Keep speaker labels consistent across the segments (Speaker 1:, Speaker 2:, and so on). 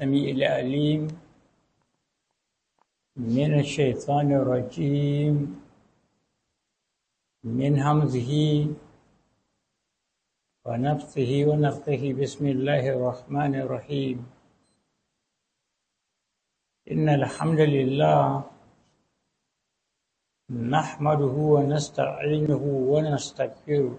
Speaker 1: السميع العليم من الشيطان الرجيم من همزه ونفثه ونفثه بسم الله الرحمن الرحيم إن الحمد لله نحمده ونستعينه ونستغفره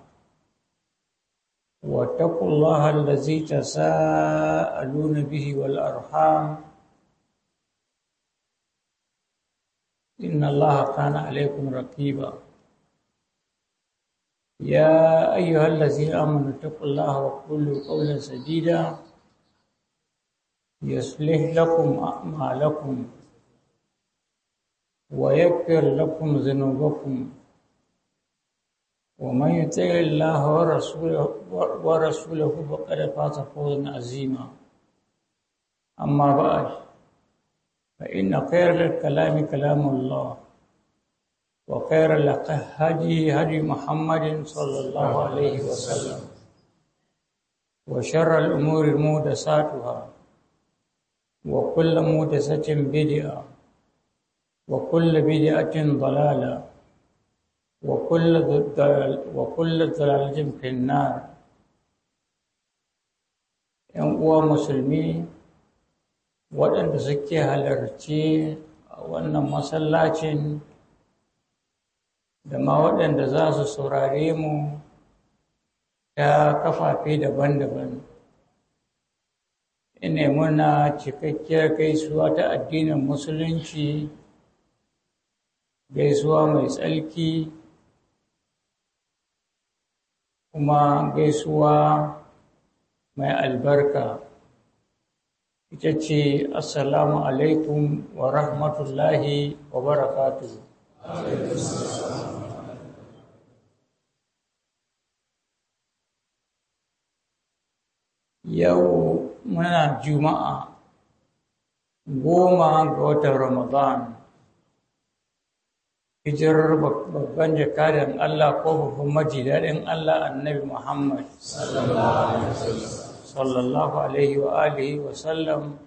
Speaker 1: واتقوا الله الذي تساءلون به والأرحام إن الله كان عليكم رقيبا يا أيها الذين آمنوا اتقوا الله وقولوا قولا سديدا يصلح لكم أعمالكم ويكفر لكم ذنوبكم ومن يطع الله ورسوله ورسوله فقد فاز فوزا عظيما اما بعد فان خير الكلام كلام الله وخير هدي هدي محمد صلى الله عليه وسلم وشر الامور محدثاتها وكل محدثه بدعه وكل بدعه ضلاله وكل ضلال وكل في النار ‘yan uwa musulmi waɗanda suke halarci a wannan masallacin da ma waɗanda za su saurare mu ta kafafe daban-daban ina muna cikakkiyar gaisuwa ta addinin musulunci gaisuwa mai tsalki kuma gaisuwa mai albarka ita ce assalamu alaikum wa rahmatullahi wa barakatu.
Speaker 2: yau
Speaker 1: muna juma'a goma ga watan ramadan hijirar babban jakadan Allah ko babban majidadin Allah annabi Muhammad sallallahu alaihi wa alihi wa sallam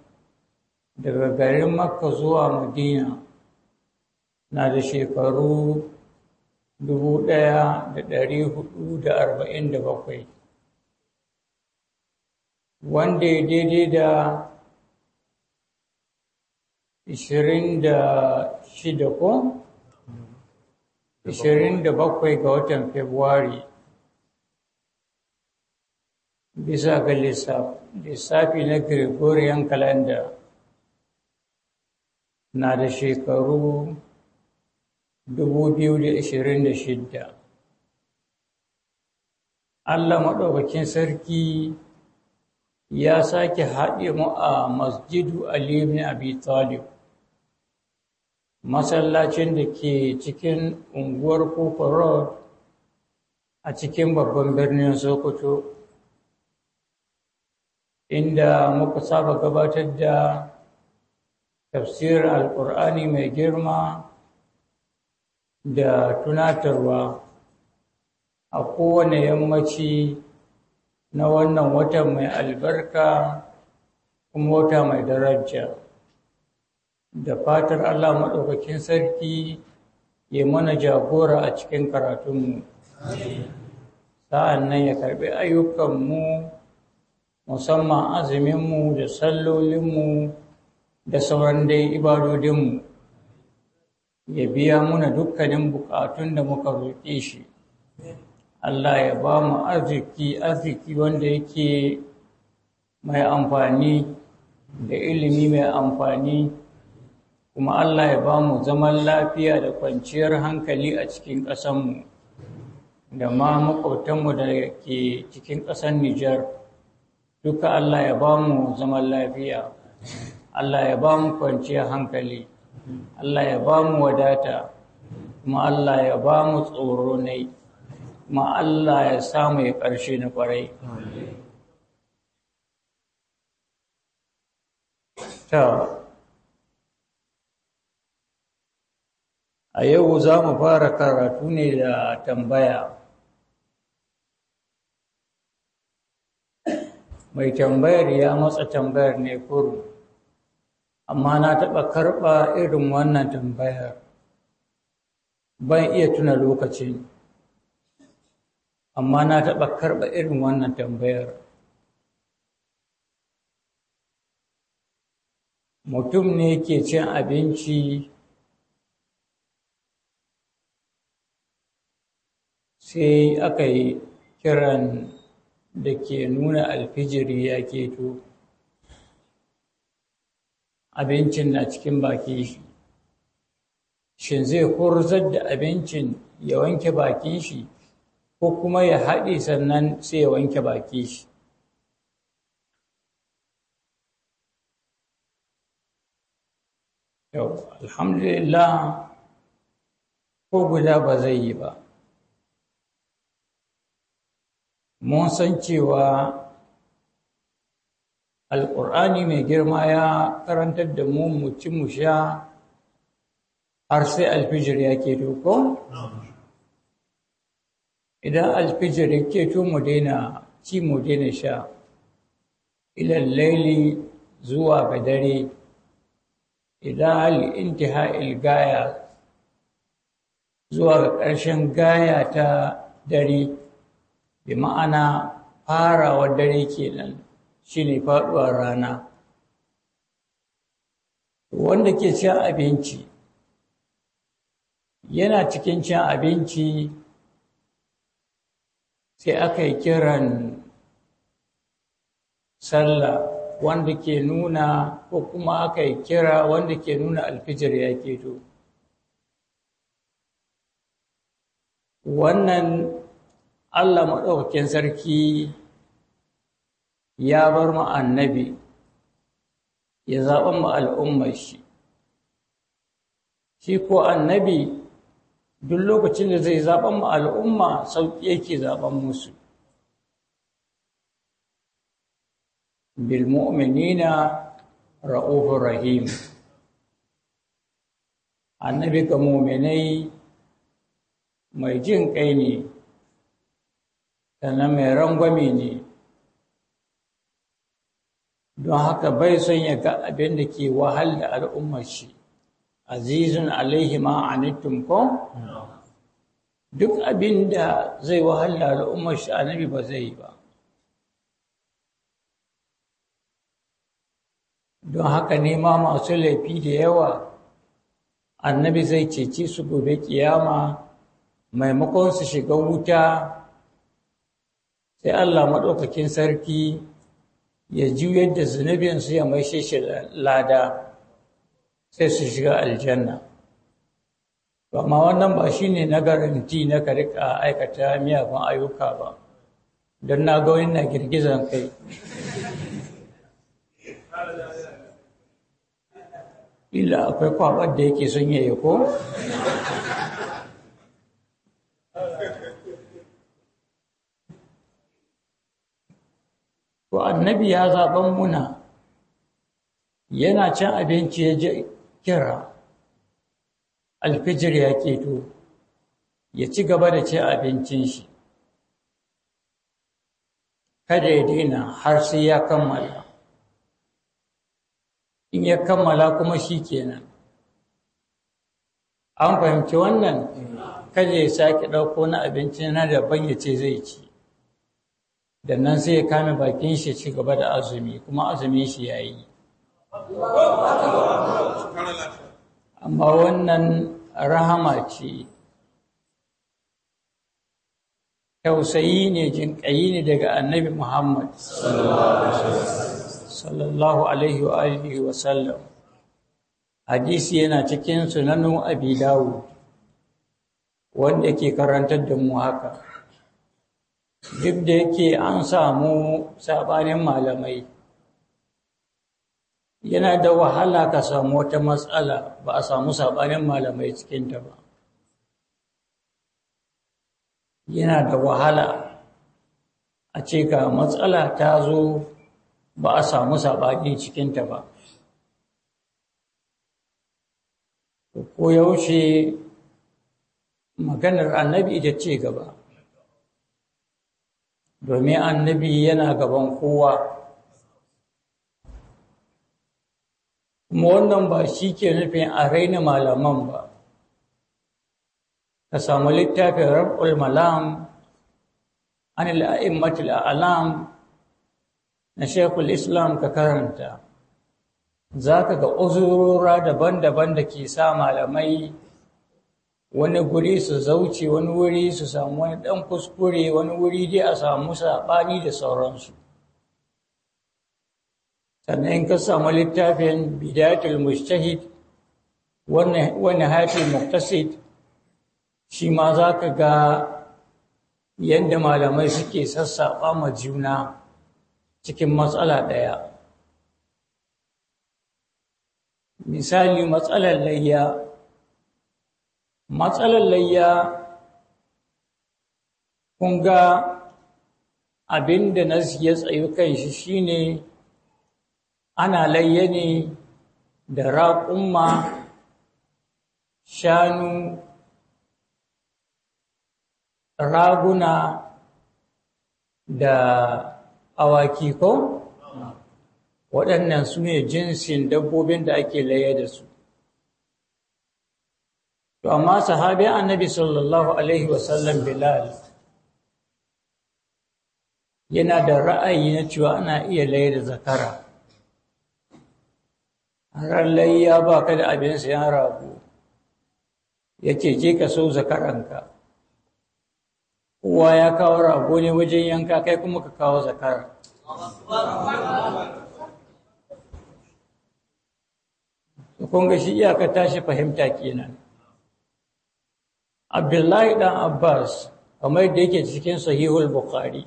Speaker 1: daga garin Makka zuwa Madina na da shekaru 1447 wanda ya daidai da 26 ko 27 ga watan Fabrairu bisa ga lissafi na Gregorian calendar na da shekaru 2026. Allah maɗaukakin sarki ya sake haɗe mu a masjidu Ali ibn Abi Talib masallacin da ke cikin unguwar Kufa a cikin babban birnin Sokoto, inda muka saba gabatar da tafsirin Alƙur'ani mai girma da tunatarwa a kowane yammaci na wannan watan mai albarka kuma wata mai daraja. da fatar Allah maɗaukakin sarki ya mana jagora a cikin karatunmu sa'an nan ya karɓi ayyukanmu musamman azuminmu da sallolinmu da sauran dai ibadodinmu ya biya muna dukkanin bukatun da muka roƙe shi Allah ya ba mu arziki arziki wanda yake mai amfani da ilimi mai amfani kuma Allah ya ba mu zaman lafiya da kwanciyar hankali a cikin ƙasanmu da ma maƙotanmu da ke cikin ƙasar Nijar duka Allah ya ba mu zaman lafiya Allah ya ba mu kwanciyar hankali Allah ya ba mu wadata kuma Allah ya ba mu tsoro ne kuma Allah ya samu ya ƙarshe na ƙwarai ta A yau za mu fara karatu ne da tambaya. Mai tambayar ya matsa tambayar ne kuru, amma na taɓa karɓa irin wannan tambayar. Ban iya tuna lokacin, amma na taɓa karɓa irin wannan tambayar. Mutum ne ke cin abinci sai aka yi kiran da ke nuna alfijiri ya keto abincin na cikin baki shi shin zai horzar da abincin ya wanke bakin shi ko kuma ya haɗe sannan sai ya wanke baki shi yau alhamdulillah ko guda ba zai yi ba mun san cewa alƙur'ani mai girma ya karantar da mu muci mu sha har sai alfijir ya ke doko? idan alfijir ya to mu daina ci mu daina sha ilan laili zuwa ga dare idan al'intiha ilgaya zuwa ga ƙarshen gaya ta dare bi ma'ana farawar dare kenan shine faduwar rana wanda ke cin abinci yana cikin cin abinci sai aka yi kiran sallah wanda ke nuna ko kuma aka yi kira wanda ke nuna alfijir ya keto wannan Allah maɗaukakin sarki ya bar mu annabi ya zaɓen mu al'ummar shi shi ko annabi duk lokacin da zai zaɓan mu al'umma sauƙi yake zaɓan musu bilmu'minina ra'ufur rahim annabi ga muminai mai jin ƙai ne sannan mai rangwami ne don haka bai son ya ga abin da ke wahal da al'ummar shi azizun alaihima a anittum ko duk abin da zai wahal da al'ummar shi anabi ba zai yi ba don haka nema masu laifi da yawa annabi zai ceci su gobe kiyama maimakon su shiga wuta sai Allah maɗaukakin sarki ya juyar da su ya mai shi lada sai su shiga aljanna Ba ma wannan ba shi ne na garanti na karika aikata miyagun ayyuka ba don na ga na girgizan kai ila akwai kwabar da yake son yayi ko to annabi ya zaɓen muna yana cin abinci ya ji kira alfijir ya keto ya ci gaba da cin abincin shi kada ya daina har sai ya kammala in ya kammala kuma shi kenan an fahimci wannan kada ya sake ɗauko na abinci na daban ya ce zai ci da nan sai ya kame bakin shi ci gaba da azumi kuma azumin shi ya yi amma wannan rahama ce tausayi ne jinƙayi ne daga annabi muhammad sallallahu alaihi wa alihi wa sallam hadisi yana cikin sunanun abi wanda ke karantar da mu haka duk da yake an samu sabanin malamai yana da wahala ka samu wata matsala ba a samu sabanin malamai cikinta ba yana da wahala a ce ka matsala ta zo ba a samu sabani cikinta ba ko yaushe maganar annabi ita ce gaba domin annabi yana gaban kowa kuma wannan ba shi ke nufin a raina malaman ba ka samu littafin rab'ul malam an al'a'immatul a'lam na shekul islam ka karanta za ka ga uzurora daban-daban da ke sa malamai wani guri su zauce wani wuri su samu wani ɗan kuskure wani wuri dai a samu saɓani da sauransu sannan ka samu littafin bidatul mustahid wani hafi muktasid shi ma za ka ga
Speaker 2: yadda malamai suke
Speaker 1: sassaɓa ma juna cikin matsala ɗaya misali matsalar layya matsalar layya kun ga abin da na ya tsayu kan shi shi ne ana layya ne da raƙumma shanu raguna da awaki ko waɗannan su ne jinsin dabbobin da ake layya da su to amma sahabi annabi sallallahu alaihi wasallam bilal yana da ra'ayi na cewa ana iya laye da zakara ran layya ba ka da abin sayan rago yake je ka so zakaranka kowa ya kawo rago ne wajen yanka kai kuma ka kawo zakara kun ga shi iyaka tashi fahimta kenan abdullahi ɗan abbas kamar da yake cikin sahihul bukhari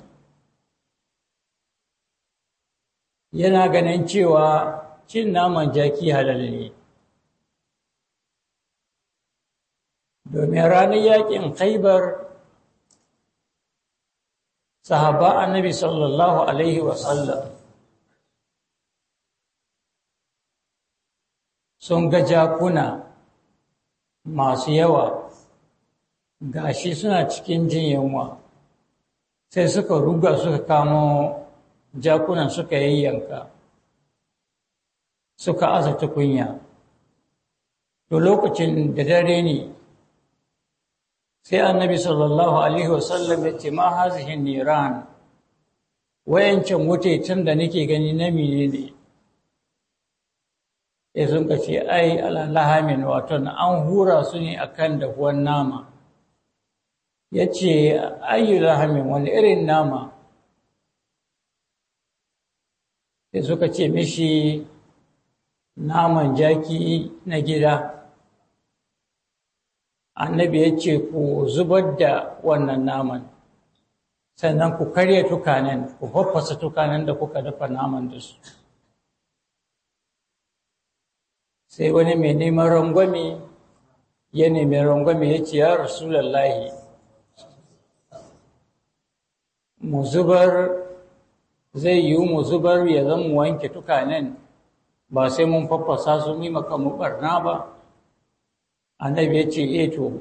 Speaker 1: yana ganin cewa cin naman jaki halal ne domin ranar yaƙin khaibar sahaba annabi sallallahu alaihi wasallam sun ga jakuna masu yawa gashi suna cikin jin yunwa sai suka ruga suka kamo jakunan suka yanka. suka aza tukunya to lokacin da dare ne sai annabi sallallahu alaihi wasallam ya ce ma hazihi niran wayancan tun da nake gani na mine ne ya sun ce ai alalahamin wato an hura su ne kan dahuwan nama ya ce ayyu lahamin wani irin nama ya suka ce mishi naman jaki na gida annabi ya ce ku zubar da wannan naman sannan ku karya tukanen ku hoffasa tukanen da kuka dafa naman da su sai wani mai neman rangwame ya nemi rangwame ya ce ya rasulallahi muzubar zai yiwu mu zubar ya zan wanke tukanen ba sai mun faffasa su yi maka mu ba annabi ya ce eto eh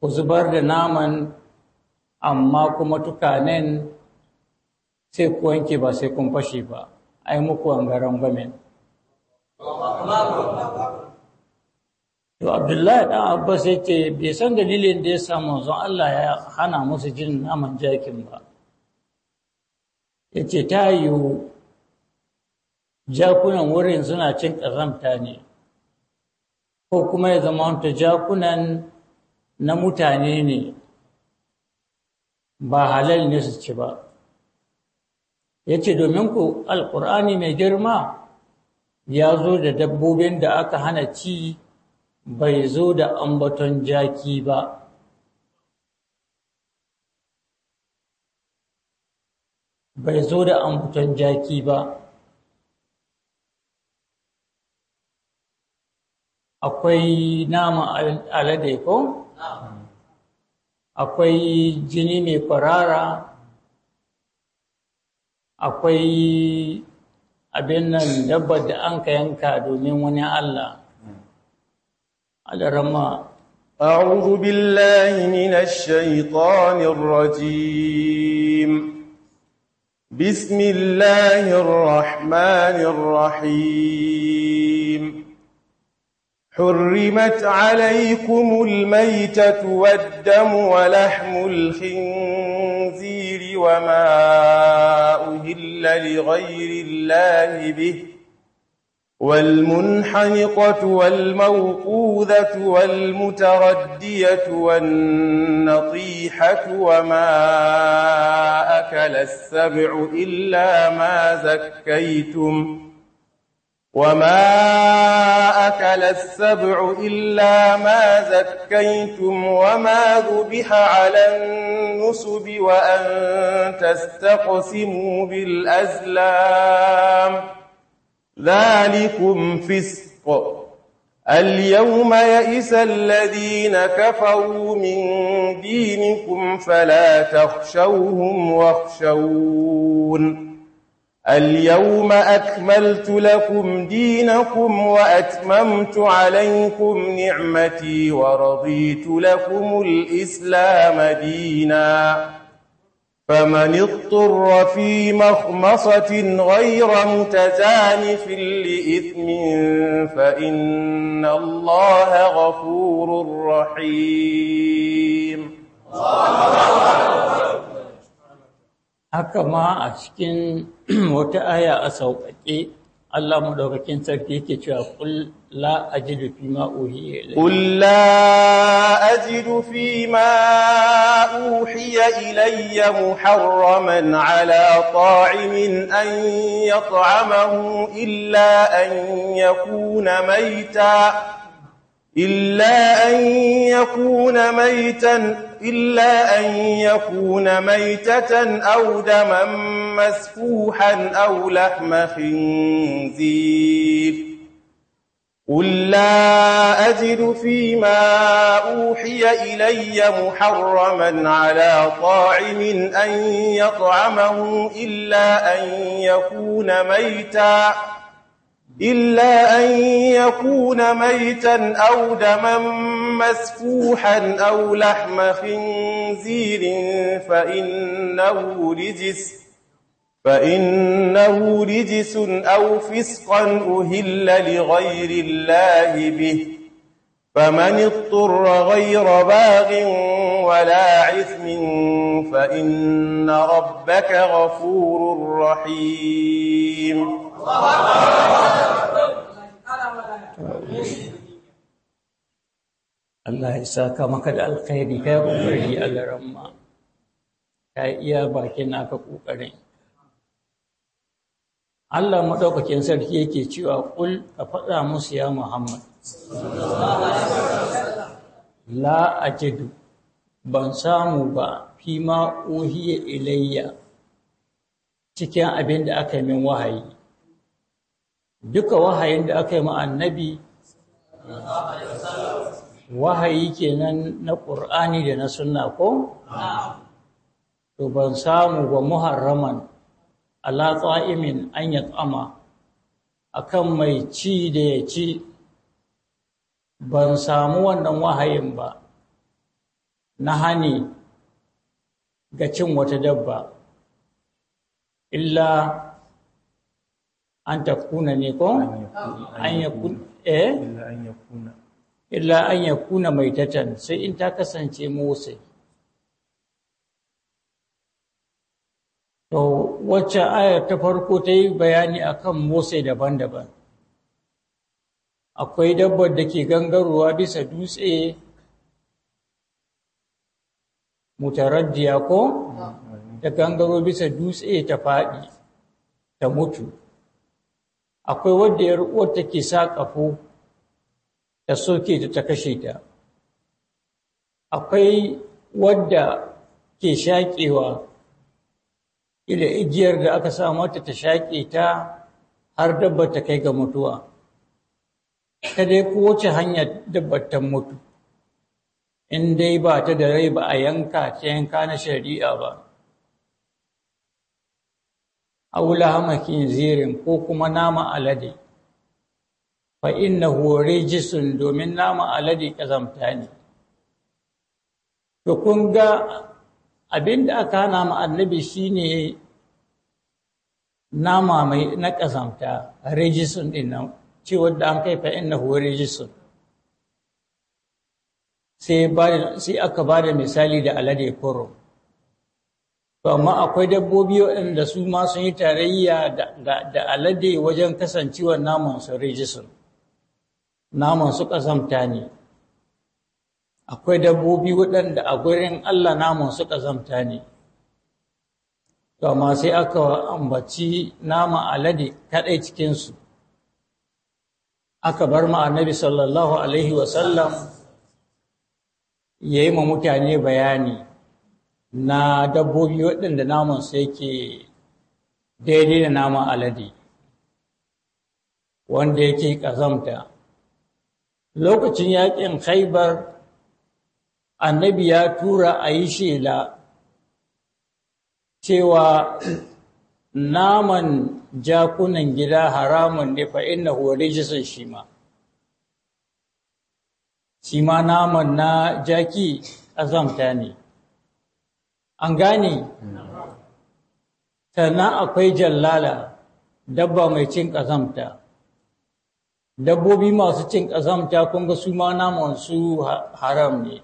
Speaker 1: ku zubar da naman amma kuma tukanen sai ku wanke ba sai kun fashe ba ai muku wangaren gwamen to abdullahi ɗan abbas ya ce bai san dalilin da ya sa manzon Allah ya hana musu jin naman jakin ba ya ce ta yiwu jakunan wurin suna cin ƙazamta ne ko kuma ya zama wanta jakunan na mutane ne ba halal ne su ci ba ya ce domin ku alƙur'ani mai girma ya zo da dabbobin da aka hana ci bai zo da ambaton jaki ba bai zo da ambaton jaki ba akwai nama alade ko akwai jini mai kwarara akwai abin nan dabbar da an ka yanka domin wani Allah
Speaker 2: على رما أعوذ بالله من الشيطان الرجيم بسم الله الرحمن الرحيم حرمت عليكم الميتة والدم ولحم الخنزير وما أهل لغير الله به والمنحنقة والموقوذة والمتردية والنطيحة وما أكل السبع إلا ما زكيتم وما أكل السبع إلا ما زكيتم وما ذبح على النسب وأن تستقسموا بالأزلام ذلكم فسق اليوم يئس الذين كفروا من دينكم فلا تخشوهم واخشون اليوم أكملت لكم دينكم وأتممت عليكم نعمتي ورضيت لكم الإسلام ديناً فمن اضطر في مخمصة غير متزانف لإثم فإن الله غفور رحيم haka
Speaker 1: أشكن a cikin الله مدوكين تكتيك قل لا أجد
Speaker 2: فيما أوحي إليك قل لا أجد فيما أوحي إلي محرما على طاعم أن يطعمه إلا أن يكون ميتا إلا أن يكون ميتا إلا أن يكون ميتة أو دما مسفوحا أو لحم خنزير قل لا أجد فيما أوحي إلي محرما على طاعم أن يطعمه إلا أن يكون ميتاً إلا أن يكون ميتا أو دما مسفوحا أو لحم خنزير فإنه رجس فإنه رجس أو فسقا أهل لغير الله به فمن اضطر غير باغ ولا عثم فإن ربك غفور رحيم
Speaker 1: Allah ya saka maka da alkhairi kai kokari Allah ramma ka iya bakin naka kokarin Allah madaukakin sarki yake cewa kul ka faɗa musu ya Muhammad la ajidu ban samu ba fi ma uhiya ilayya cikin abin da aka min wahayi duka wahayin da aka yi ma annabi wahayi kenan na ƙur'ani da na suna ko? to ban samu ba muharraman alatsaimin tsa'imin an yi tsama akan mai ci da ya ci ban samu wannan wahayin ba na hani ga cin wata dabba illa an takuna ne ko
Speaker 2: an kuna eh
Speaker 1: illa an ya kuna mai tatan sai in ta kasance motsi to wacce ayar ta farko ta yi bayani akan motsi daban-daban akwai dabbar da ke gangarwa bisa dutse mutaraddiya ko ta gangaro bisa dutse ta faɗi ta mutu akwai wadda yar ke take ƙafo ta soke ta ta kashe ta akwai wadda ke shaƙewa ila igiyar da aka sa mata ta shaƙe ta har dabba ta kai ga mutuwa ta dai kowace hanyar dabbar ta mutu in dai ba ta da rai ba a yanka ta yanka na shari'a ba aw hamakin zirin ko kuma nama alade fa innahu jisun domin nama alade kazamta ne to kun ga abinda aka hana ma annabi shine nama mai na kazamta rijsun din nan cewa da an kai fa innahu rijsun sai aka ba da misali da alade kurum ma akwai dabbobi waɗanda su ma sun yi tarayya da alade wajen kasancewa naman su rijisir naman su ƙazamta ne akwai dabbobi waɗanda a gurin Allah naman su ƙazamta ne kama sai aka ambaci nama alade kaɗai cikinsu aka bar ma'anabi sallallahu alaihi wasallam ya yi ma mutane bayani na dabbobi waɗanda naman su ke daidai da naman alade wanda yake ƙazamta lokacin yaƙin haibar annabi ya tura a yi shela cewa naman jakunan gida haramun ne fa inna hore jisun shi ma shi ma naman na jaki ƙazamta ne an gane sannan akwai jallala dabba mai cin ƙazamta dabbobi masu cin ƙazamta kun ga su ma naman su haram ne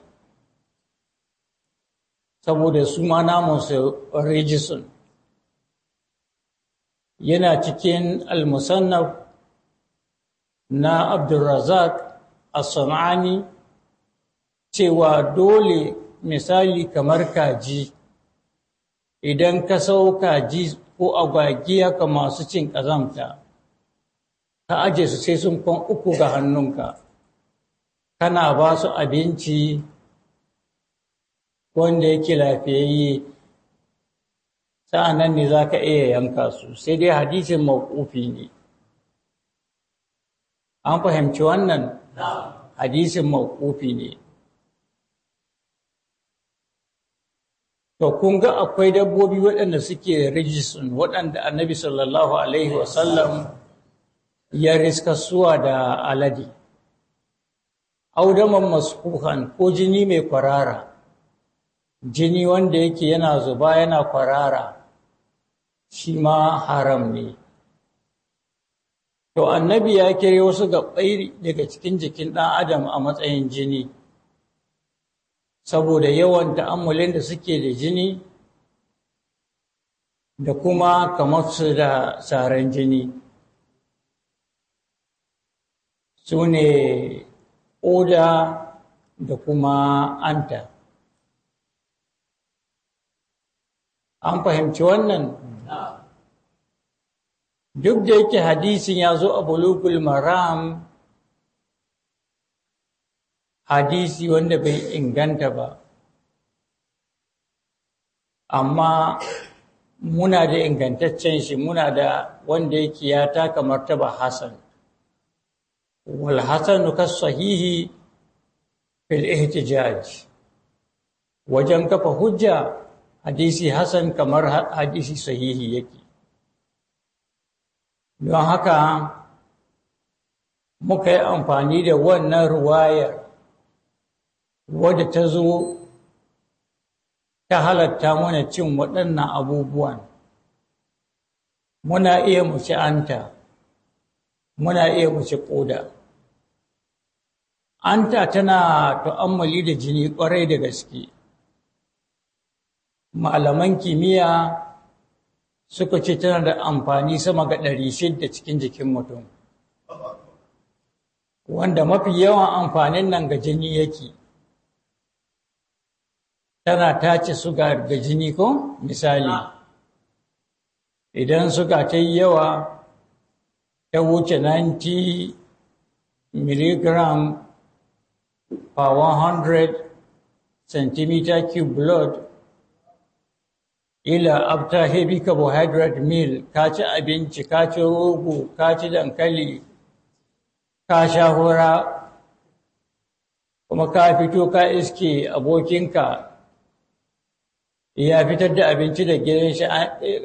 Speaker 1: saboda su ma naman su rijisun yana cikin almusannaf na abdulrazak a san'ani cewa dole misali kamar kaji Idan ka sayo kaji ko agwagi haka masu cin ƙazanta, ka aje su sai sun kwan uku ga hannunka, kana ba su abinci wanda yake lafiyayye, sa'an nan ne za ka iya yanka su, sai dai hadisin makofi ne. An fahimci wannan? Hadisin maƙofi ne. To kun ga akwai dabbobi waɗanda suke rijisun waɗanda annabi sallallahu Alaihi wasallam ya riska suwa da alade. Audaman maskuhan ko jini mai kwarara, jini wanda yake yana zuba yana kwarara, shi ma haram ne. To annabi ya kere wasu gaɓɓai daga cikin jikin ɗan Adam a matsayin jini. saboda yawan ta'ammulin da suke da jini da kuma kamar su da tsaron jini su ne oda da kuma anta an fahimci wannan duk da yake hadisin ya zo a bulugul maram hadisi wanda bai inganta ba amma muna da ingantaccen shi muna da wanda yake ya taka martaba hasan wal hasanu kas sahihi fil ihtijaj wajen kafa hujja hadisi Hassan kamar hadisi sahihi yake don haka muka yi amfani da wannan ruwayar wadda ta zo ta halatta mana cin waɗannan abubuwan muna iya mace anta muna iya muci ƙoda anta tana ta'ammali da jini ƙwarai da gaske malaman kimiyya suka ce tana da amfani sama ga ɗari shidda cikin jikin mutum wanda mafi yawan amfanin nan ga jini yake tana tace suga da jini ko misali ah. idan suga ta yi yawa ta wuce 90 mg per 100 cm cube blood ila after heavy carbohydrate meal ka ci abinci ka ci rogo ka ci dankali ka sha hura kuma ka fito ka iske abokinka ya fitar da abinci da gidan shi an eh,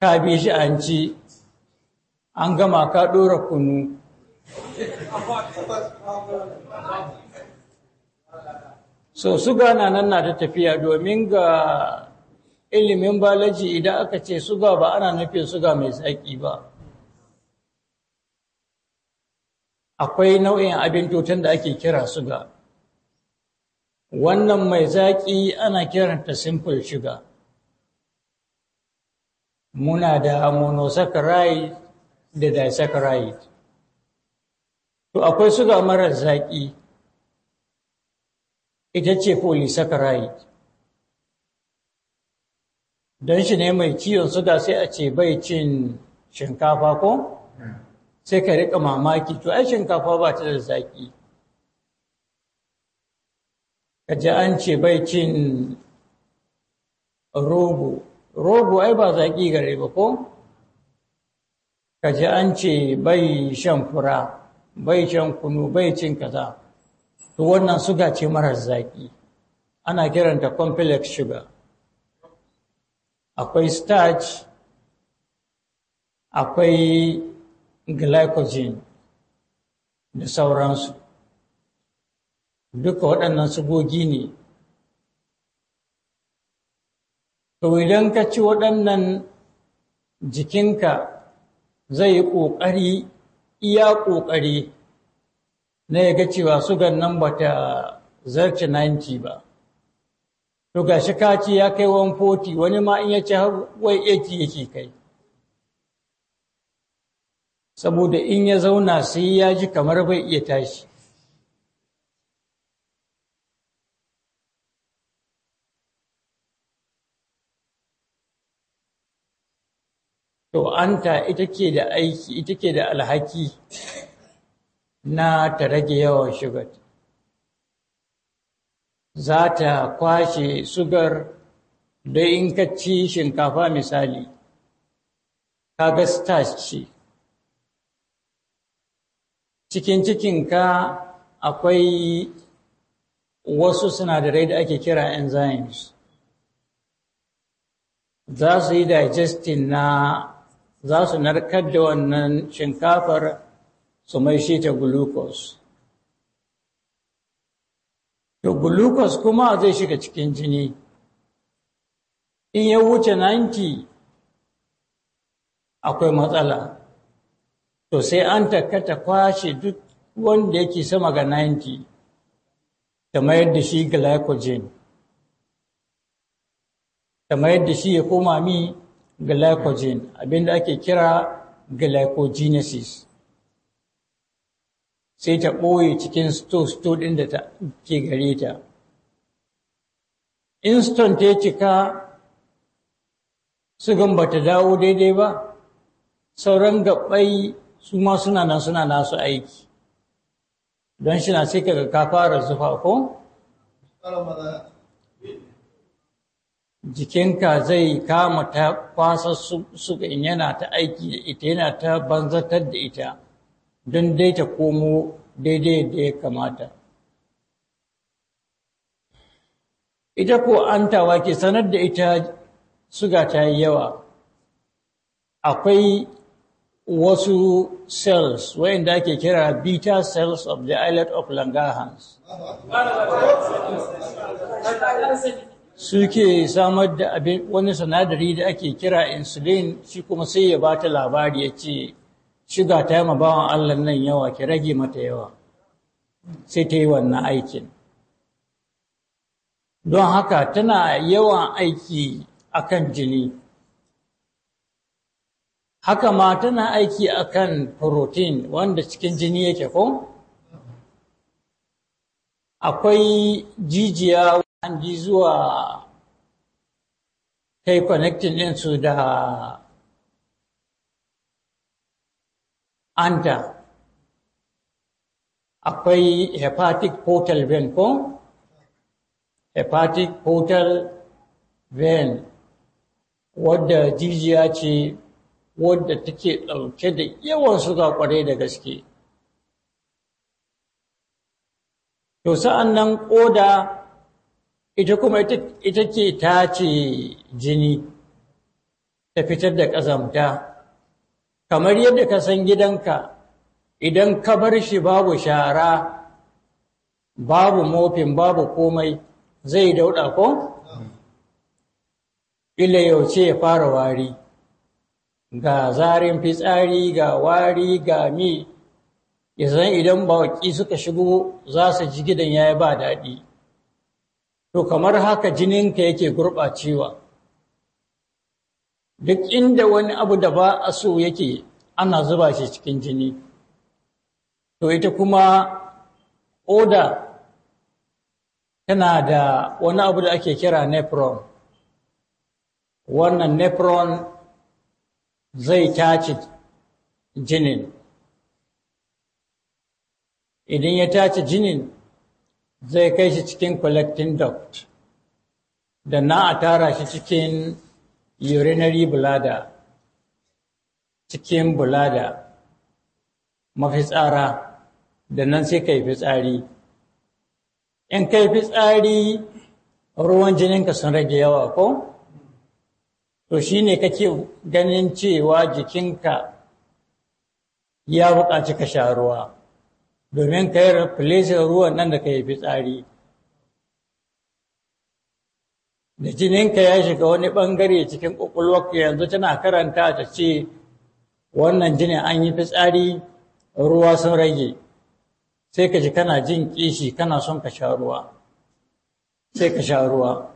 Speaker 1: kabi shi an ci an gama ka ɗora kunu so suga na nan na ta tafiya domin ga ilimin balaji idan aka ce suga ba ana nufin suga mai tsaki ba akwai nau'in abin da ake kira suga Wannan mai zaƙi ana kiranta simple sugar. Muna da monosaccharide da disaccharide. To akwai suga mara zaƙi, ita ce polysaccharide. Don shi ne mai ciwon suga sai a ce bai cin shinkafa ko? Hmm. Sai ka riƙa mamaki, to ai shinkafa ba ta da zaƙi. Ka ji an ce bai cin rogo, rogo ai ba zaƙi gare ba ko? Ka ji an ce bai shan fura, bai shan kunu, bai cin kaza. To wannan suga ce marar zaƙi, ana kiranta complex sugar. Akwai starch, akwai glycogen da sauransu. duka waɗannan sugogi ne to idan ka ci waɗannan jikinka zai yi ƙoƙari iya ƙoƙari na ya ga cewa sugan nan ba ta zarce 90 ba to ga shi kaci ya kai 140 wani ma in ya ci har wai 80 yake kai saboda in ya zauna sai ya ji kamar bai iya tashi to ta ita ke da aiki ita ke da alhaki na ta rage yawan shugar za ta kwashe sugar da in ka ci shinkafa misali kaga starch ce cikin cikinka akwai wasu sinadarai da ake kira enzymes za su yi digesting na za su narkar da wannan shinkafar su mai shi ta glucose to glucose kuma zai shiga cikin jini in ya wuce 90 akwai matsala to sai an takata kwashe duk wanda yake sama ga 90 ta mayar da shi glycogen Tama mayar shi ya koma mi glycogen abinda ake kira glycogenesis sai ta ɓoye cikin sto ɗin da ta ke gare ta instant ya cika sugan ba ta dawo daidai ba sauran gaɓai su ma suna nan suna nasu aiki don shi na sai ka fara zufa ko? jikinka zai kama ta kwasa su in yana ta aiki da ita yana ta banzatar da ita don dai ta komo daidai da ya kamata ita ko an tawa ke sanar da ita suga ta yi yawa akwai wasu cells wayanda ake kira beta cells of the islet of Langerhans suke samar da abin wani sanadari da ake kira insulin shi kuma sai ya bata labari ya ce shiga ta yi mabawan Allah nan yawa ki rage mata yawa sai ta yi wannan aikin don haka tana yawan aiki akan jini haka ma tana aiki akan protein wanda cikin jini yake ko akwai jijiya an ji zuwa kai connecting su da anta akwai hepatic portal vein ko hepatic portal vein wadda jijiya ce wadda take ɗauke da yawan suga kwarai da gaske to sa'an nan ƙoda ita kuma ita ke tace jini ta fitar da ƙazamta kamar yadda ka san gidanka idan ka bar shi babu shara babu mofin babu komai zai dauɗa ko ila yauce ya fara wari ga zarin fitsari ga wari ga mi idan baƙi suka shigo za su ji gidan ya yi ba daɗi to kamar haka jininka yake gurɓacewa duk inda wani abu da ba a so yake ana zuba shi cikin jini to ita kuma oda tana da wani abu da ake kira nephron wannan nephron zai tace jinin idan ya tace jinin zai kai shi cikin collecting duct da na a tara shi cikin urinary bladder cikin bladder mafitsara da nan sai kai fitsari in kai fitsari ruwan jininka sun rage yawa ko to shi shine kake ganin cewa jikinka ya buƙaci ka sha ruwa domin ka yi replace ruwan nan da ka yi fitsari da jininka ya shiga wani ɓangare cikin ƙwaƙwalwarka yanzu tana karanta ta ce wannan jinin an yi fitsari ruwa sun rage sai ka ji kana jin kishi kana son ka sha ruwa sai ka sha ruwa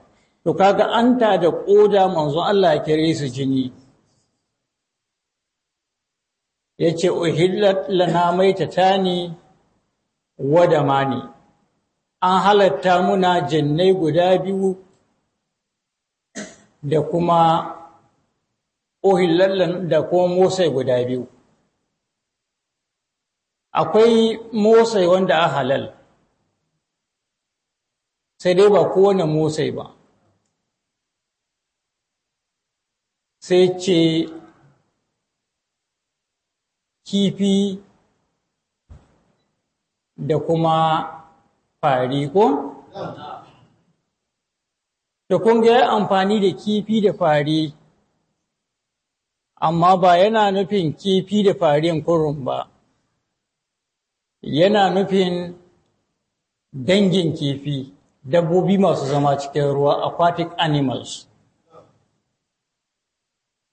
Speaker 1: to kaga an ta da ƙoda manzon Allah ya kire su jini Ya yace uhillat lana maitatani wada ne? an halatta muna jannai guda biyu da kuma ohillallan da kuma motsai guda biyu akwai motsai wanda a halal sai dai ba kowane motsai ba sai ce kifi da kuma fari ko? Da kun ga yi amfani da kifi da fari, amma ba yana nufin kifi da farin kurun ba, yana nufin dangin kifi, dabbobi masu zama cikin ruwa, aquatic animals.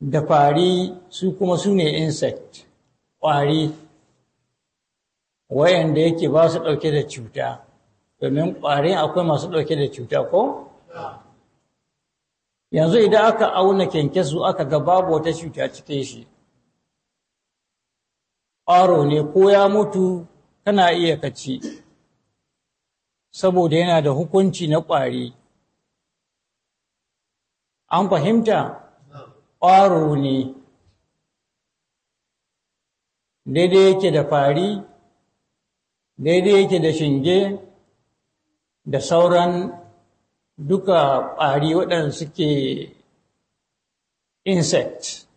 Speaker 1: Da fari su kuma su ne insect, ƙwari. wayanda yake ba su ɗauke da cuta domin ƙwari akwai masu ɗauke da cuta ko? yanzu idan aka auna kyankyasu aka ga babu wata cuta cike shi ƙwaro ne ko ya mutu kana iya kaci saboda yana da hukunci na ƙwari an fahimta ƙwaro ne daidai yake da fari daidai yake da shinge da sauran duka ƙwari waɗanda suke insect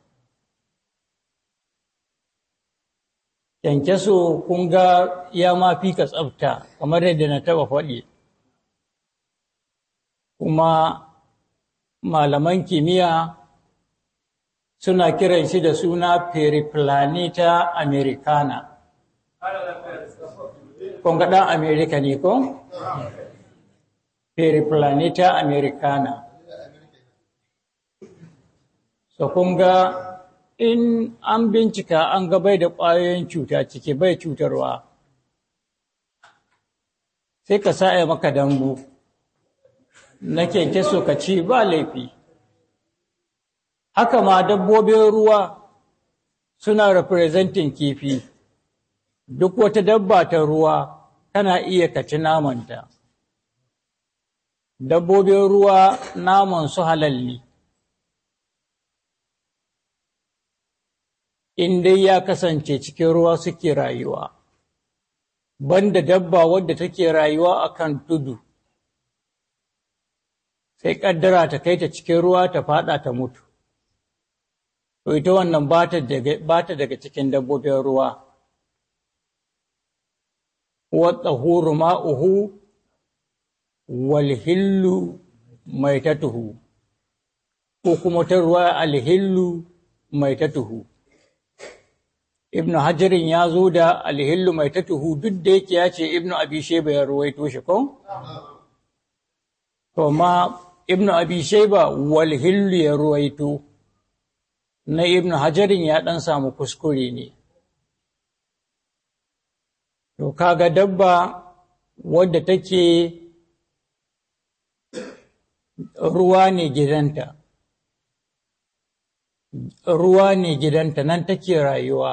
Speaker 1: kyankyaso kun ga ya ma fi ka tsafta kamar yadda na taɓa faɗi kuma malaman kimiyya suna kiran shi da suna periplaneta americana kun ga ɗan Amerika ne ko? Periplaneta Americana. So kun ga in an bincika an ga bai da ƙwayoyin cuta ciki bai cutarwa. Sai ka sa maka dambu, na keke so ka ci ba laifi. Haka ma dabbobin ruwa suna representing kifi, duk wata dabba ta ruwa. kana iya kaci ci namanta dabbobin ruwa naman su halalli in dai ya kasance cikin ruwa suke rayuwa banda dabba wadda take rayuwa a kan tudu sai kaddara ta kai ta cikin ruwa ta faɗa ta mutu to ita wannan ba ta daga cikin dabbobin ruwa والطهور ماؤه والهل maitatuhu ko kuma ta ruwa alhillu maitatuhu ibnu hajarin ya zo da alhillu maitatuhu duk da yake ya ce ibnu abi sheba ya ruwaito shi ko to ma ibnu abi sheba ya ruwaito na ibnu hajarin ya ɗan samu kuskure ne to kaga dabba wadda take ruwa ne gidanta ruwa ne gidanta nan take rayuwa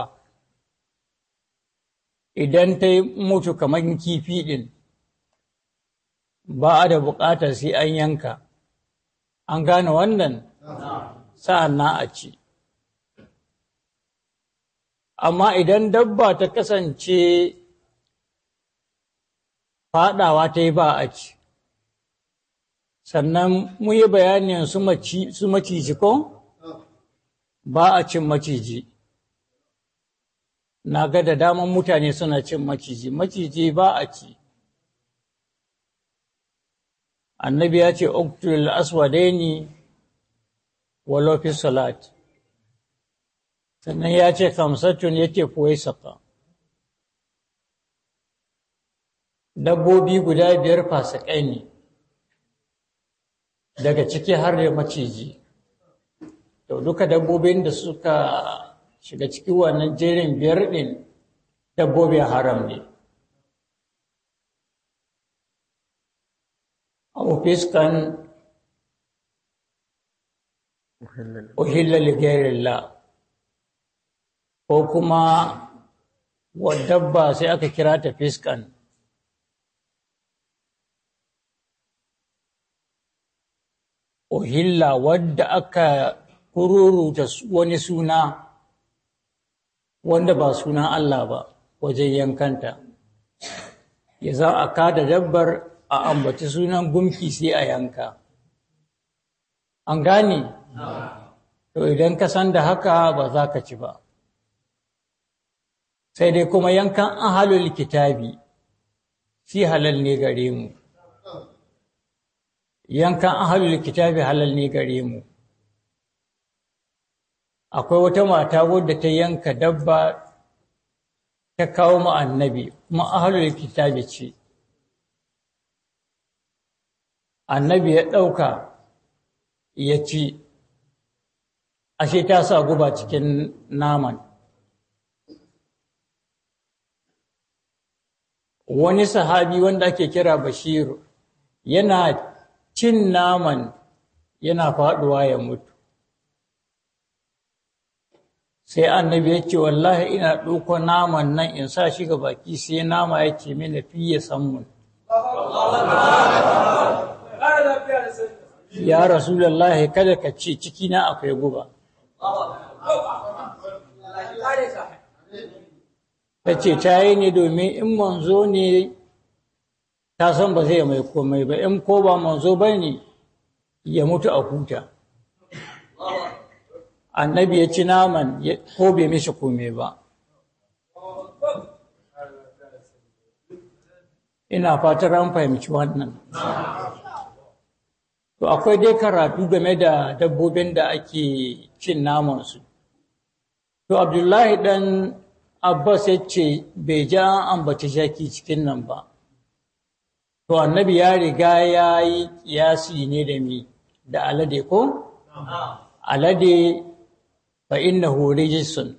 Speaker 1: idan ta yi mutu kamar kifi ɗin ba a da buƙatar sai an yanka an gane wannan sa'an na a ci amma idan dabba ta kasance faɗawa ta yi ba a ci sannan mun yi bayanin su maciji ko ba a cin maciji na ga da daman mutane suna cin maciji maciji ba a ci annabi ya ce oktul aswadaini wa salat sannan ya ce kamsatun yake kuwaisaka dabbobi guda biyar fasikai ne daga ciki har da maciji to duka dabbobin da suka shiga ciki, wannan jerin biyar ɗin dabbobi haram ne abu fiskan أهل لغير ko kuma wadabba sai aka kira ta fiskan ohilla wadda aka kururuta wani suna wanda ba sunan Allah ba wajen yankanta ya za a kada dabbar a ambaci sunan gumki sai a yanka an gane to idan ka san da haka ba za ka ci ba sai dai kuma yankan ahalul kitabi Si halal ne gare mu yankan ahalul kitabi halal ne gare mu akwai wata mata wadda ta yanka dabba ta kawo mu annabi kuma ahalul kitabi ce annabi ya ɗauka ya ci ashe ta sa guba cikin naman wani sahabi wanda ake kira Bashiru yana cin naman yana faɗuwa ya mutu sai annabi ya ce wallahi ina ɗauko naman nan in sa shi ga baki sai nama ya ce ya san mu. ya rasu, rasulallah kada ka ce ciki na akwai guba ta ce ta yi ne domin in manzo ne ta san ba zai mai komai ba in ko ba manzo ba ne ya mutu a kuta annabi ya ci naman ko bai mishi komai ba ina fatar an fahimci wannan to akwai dai karatu game da dabbobin da ake cin su. to abdullahi dan abbas ya ce bai ja an ambaci jaki cikin nan ba to annabi ya riga ya yi kiyasi ne da mi da alade ko alade fa innahu rijsun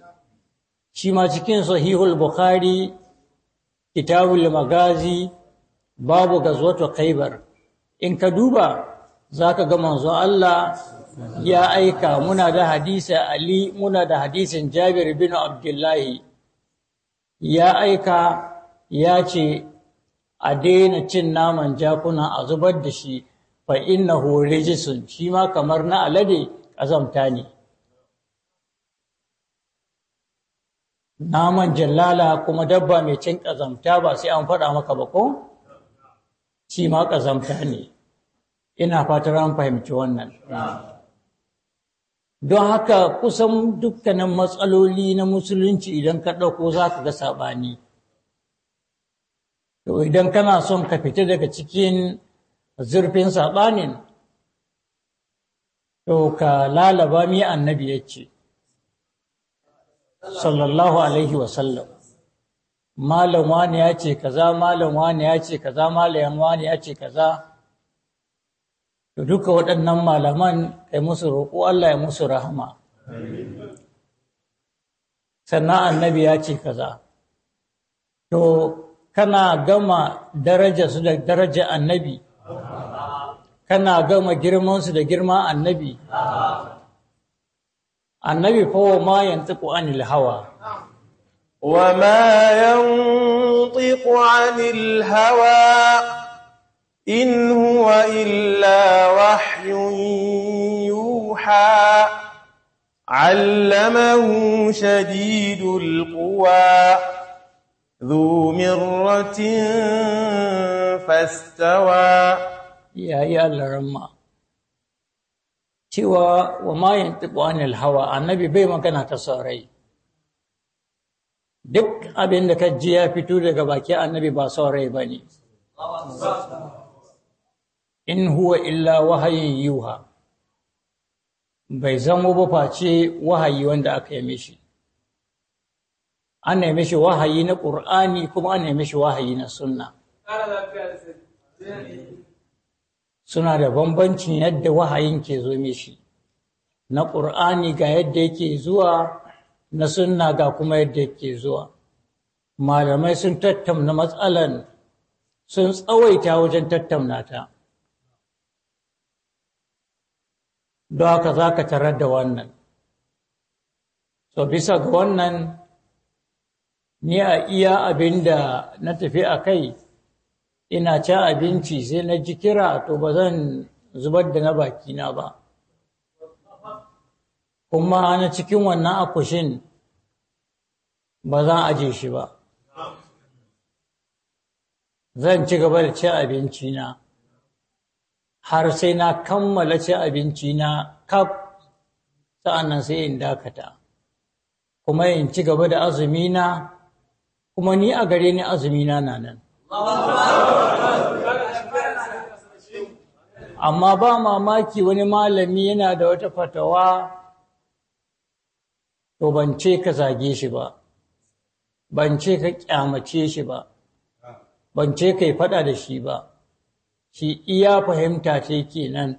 Speaker 1: shi ma cikin sahihul bukhari kitabul magazi babu gazwato kaibar in ka duba za ka ga manzo Allah ya aika muna da hadisa Ali muna da hadisin Jabir bin Abdullahi ya aika ya ce a daina cin naman jakuna a zubar da shi fa innahu rijisun shi ma kamar na alade ƙazamta ne naman jallala kuma dabba mai cin ƙazamta ba sai an faɗa maka ba ko shi ma ƙazamta ne ina fatar an fahimci wannan don haka kusan dukkanin matsaloli na musulunci idan ka ɗauko za ka ga saɓani to idan kana son ka fita daga cikin zurfin saɓanin to ka lalaba mi annabi ya ce sallallahu alaihi wasallam malam wani ya ce kaza malam wani ya ce kaza malam wani ya ce kaza to duka waɗannan malaman ya musu roƙo Allah ya musu rahama sannan annabi ya ce kaza to kana gama darajarsu da daraja annabi kana gama girmansu da girma annabi annabi fa ma yantiqu anil hawa
Speaker 2: وما ينطق عن الهوى إن هو إلا وحي يوحى علمه شديد القوى ذو مرة فاستوى
Speaker 1: يا يا الرمى cewa wa ma yantiqu anil hawa annabi bai magana ta sarai duk abin da ka ji ya fito daga baki annabi ba ba bane in huwa illa wahayin yuha bai zamo ba face wahayi wanda aka yi mishi an nemi shi wahayi na ƙur'ani kuma an nemi shi wahayi na sunna suna da bambancin yadda wahayin ke zo shi. na ƙur'ani ga yadda yake zuwa na sunna ga kuma yadda yake zuwa malamai sun tattauna matsalan sun tsawaita wajen tattauna ta don haka za ka tarar da wannan so bisa ga wannan ni a iya abin da na tafi a kai ina ci abinci sai na ji kira to ba zan zubar da na baki na ba kuma na cikin wannan akushin ba zan aje shi ba zan ci gaba da ci abinci na har sai na kammala ci abinci na kaf sa'annan sai in dakata kuma in ci gaba da azumi na kuma ni a gare ni azumi na nan amma ba mamaki wani malami yana da wata fatawa to ban ce ka zage shi ba ban ce ka kyamace shi ba ban ce ka yi fada da shi ba shi iya fahimta ce kenan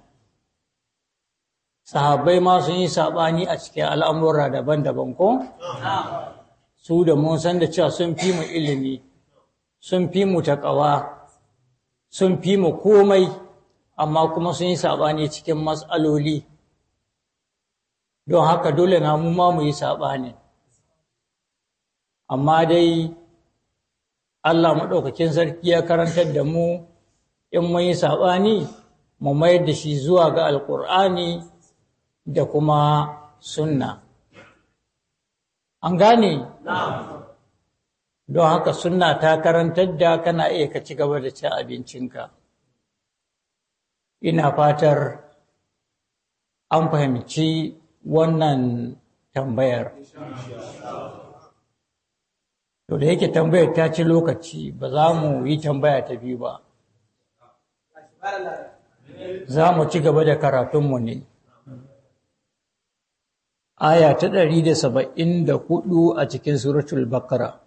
Speaker 1: sahabbai ma sun yi saɓani a cikin al'amura daban-daban ko? su da mun san da cewa sun fi mu ilimi sun fi mu taƙawa sun fi mu komai amma kuma sun yi saɓani cikin matsaloli don haka dole na mu ma mu yi saɓani amma dai Allah maɗaukakin sarki ya karantar da mu in mun yi saɓani mu mayar da shi zuwa ga alƙur'ani da kuma sunna an gane don haka suna ta karantar da kana iya ka ci gaba da cin abincinka ina fatar an fahimci wannan tambayar to da yake tambayar ta ci lokaci ba za mu yi tambaya ta biyu ba za mu ci gaba da karatunmu ne aya ta 174 a cikin suratul baqara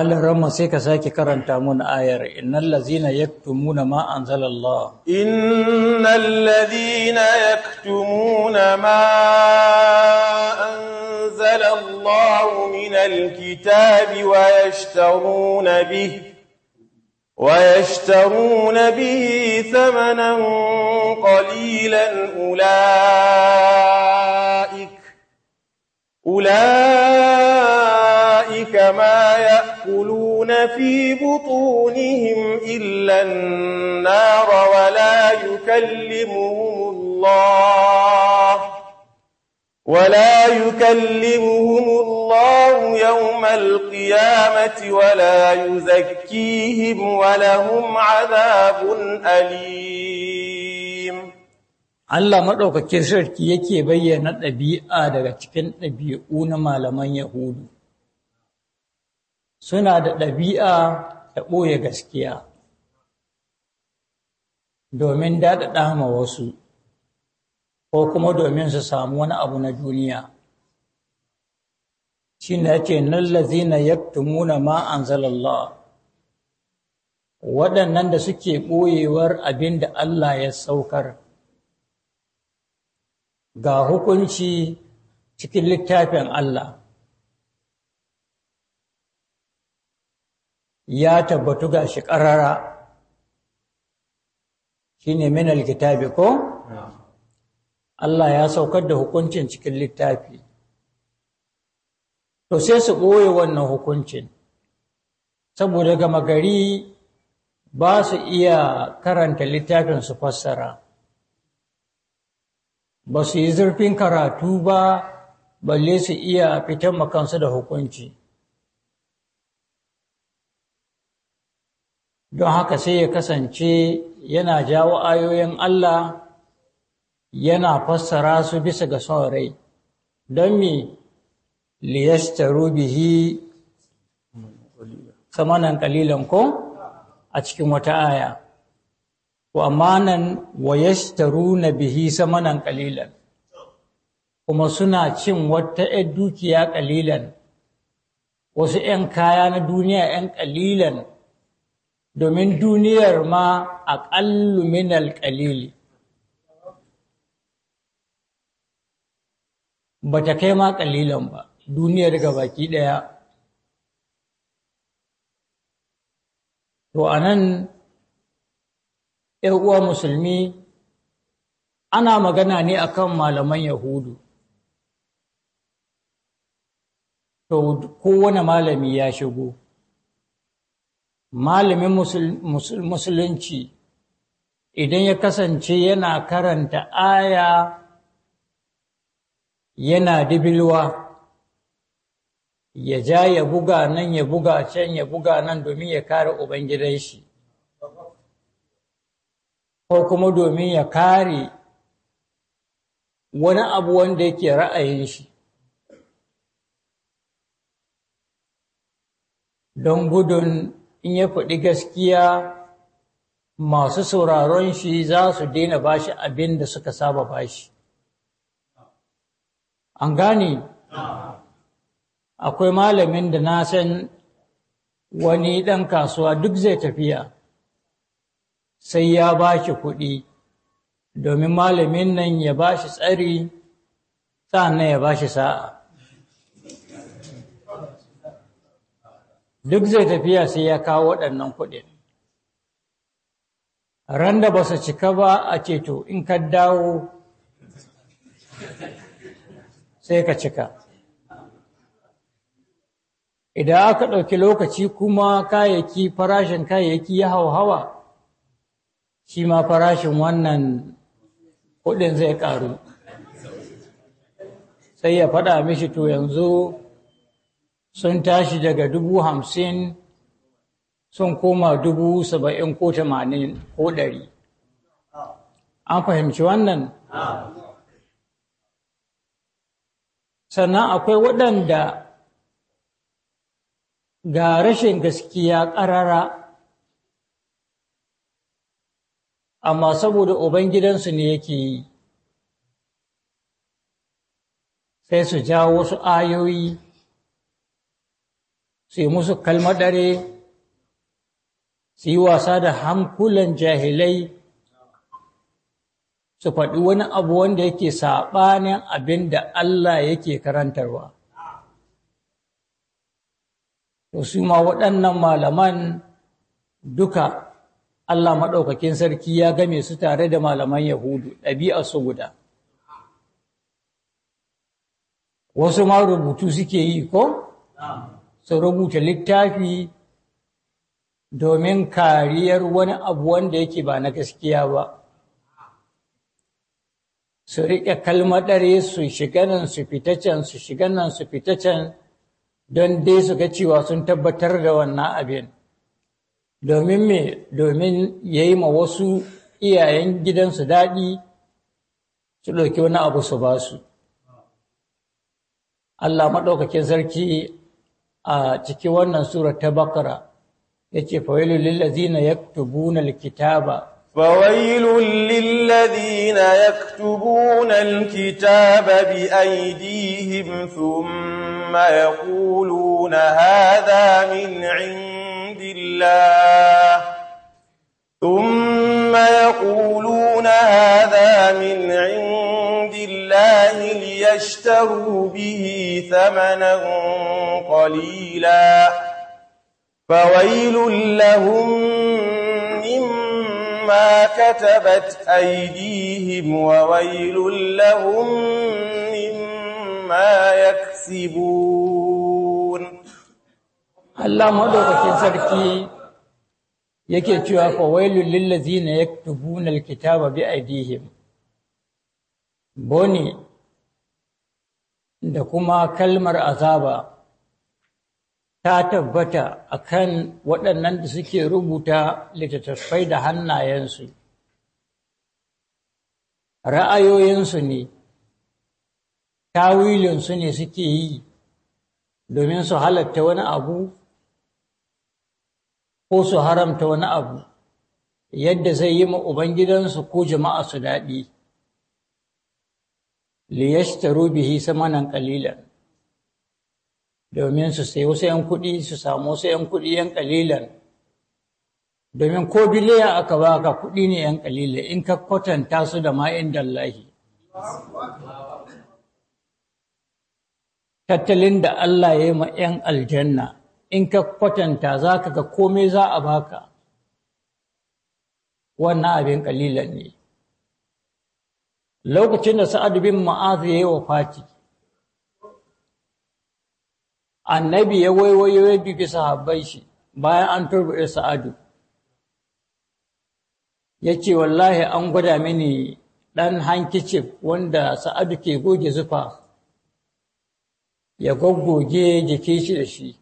Speaker 1: al rama sai ka sake karanta mun ayar innal ladzina yaktumuna ma anzalallah
Speaker 2: innal ladzina yaktumuna ma anzalallahu minal kitabi wa yashtaruna bihi ويشترون به ثمنا قليلا أولئك أولئك ما يأكلون في بطونهم إلا النار ولا يكلمهم الله ولا يكلمهم الله يوم القيامة ولا يزكيهم ولهم عذاب أليم
Speaker 1: الله مرة كسر كي يبين النبي آدم كن النبي أون ما لم يهود سنة النبي آ أبو يعسكيا دومين دا دام وصل ko kuma domin su samu wani abu na duniya Shi shine yake nan lazina tumuna ma anzalallah waɗannan da suke ɓoyewar abin da Allah ya saukar ga hukunci cikin littafin Allah ya tabbatu ga shi ƙarara shi ne minal kitabi ko? Allah ya saukar da hukuncin cikin littafi to sai su ɓoye wannan hukuncin saboda gama gari ba su iya karanta littafin su fassara ba su yi zurfin karatu ba balle su iya fitan makansu da hukunci don haka sai ya kasance yana jawo ayoyin Allah yana fassara su bisa ga son rai don mi liyastaru bihi samanan kalilan ko a cikin wata aya wa amanan wa na bihi samanan kalilan kuma suna cin wata ‘yan dukiya kalilan wasu ‘yan kaya na duniya ‘yan kalilan domin duniyar ma ƙallu min alƙalili’ ba ta kai ma ƙalilan ba duniyar ga baki ɗaya to anan nan uwa musulmi ana magana ne akan malaman yahudu to kowane malami ya shigo malamin musulunci idan ya kasance yana karanta aya yana dibilwa ya ja ya buga nan ya buga can ya buga nan domin ya kare ubangidan shi ko kuma domin ya kare wani abu wanda yake ra'ayin shi don gudun in ya faɗi gaskiya masu sauraron shi za su daina bashi abin da suka saba bashi. an gani akwai malamin da na san wani ɗan kasuwa duk zai tafiya sai ya ba shi kuɗi domin malamin nan ya ba shi tsari sa'an ya ba shi sa'a duk zai tafiya sai ya kawo waɗannan kuɗi. Randa da ba su cika ba a ceto in ka dawo sai ka cika idan aka ɗauki lokaci kuma kayayyaki farashin kayayyaki ya hauhawa shi ma farashin wannan kuɗin zai ƙaru sai ya faɗa mishi to yanzu sun tashi daga dubu hamsin sun koma dubu saba'in ko tamanin ko ɗari an fahimci wannan sannan akwai waɗanda ga rashin gaskiya ƙarara amma saboda ubangidansu ne yake yi sai su jawo wasu ayoyi su yi musu kalmadare su yi wasa da hankulan jahilai su faɗi wani abu wanda yake saɓanin abin da Allah yake karantarwa. To su ma waɗannan malaman duka Allah maɗaukakin sarki ya game su tare da malaman Yahudu ɗabi'a su guda. Wasu ma rubutu suke yi ko? Su rubuta littafi domin kariyar wani abu wanda yake ba na gaskiya ba. su riƙe kalmadare su shiga nan su fita can su shiga nan su fita can don dai su ga cewa sun tabbatar da wannan abin domin me domin ya yi ma wasu iyayen gidansu daɗi su ɗauki wani abu su ba su Allah maɗaukakin sarki a cikin wannan sura ta bakara ya ce fawailul lillazina yaktubuna alkitaba
Speaker 2: فويل للذين يكتبون الكتاب بأيديهم ثم يقولون هذا من عند الله ثم يقولون هذا من عند الله ليشتروا به ثمنا قليلا فويل لهم بما كتبت أيديهم وويل لهم مما يكسبون الله مدوكين
Speaker 1: سركي yake cewa fa wailul lil ladzina yaktubuna alkitaba bi aydihim boni da kuma kalmar azaba ta tabbata a kan waɗannan da suke rubuta littattafai da hannayensu, ra'ayoyinsu ne, tawilinsu ne suke yi domin su halatta wani abu ko su haramta wani abu yadda zai yi ma Ubangidansu ko jama'a su daɗi. liyashtaru bihi samanan ƙalilan. domin su sayi wasu 'yan kuɗi su samu wasu 'yan kuɗi 'yan ƙalilan domin ko biliya aka ba ka kuɗi ne 'yan ƙalilan in ka kwatanta su da ma'in dallahi tattalin da Allah ya yi ma 'yan aljanna in ka kwatanta za ka ga komai za a ba ka. wannan abin ƙalilan ne lokacin da Sa'adu bin ya yi wa fati annabi ya waiwayo ya duki sahabbai shi bayan an turbuɗe sa'adu ya ce wallahi an gwada mini ɗan hankicin wanda sa'adu ke goge zufa ya goggoge jiki shi da shi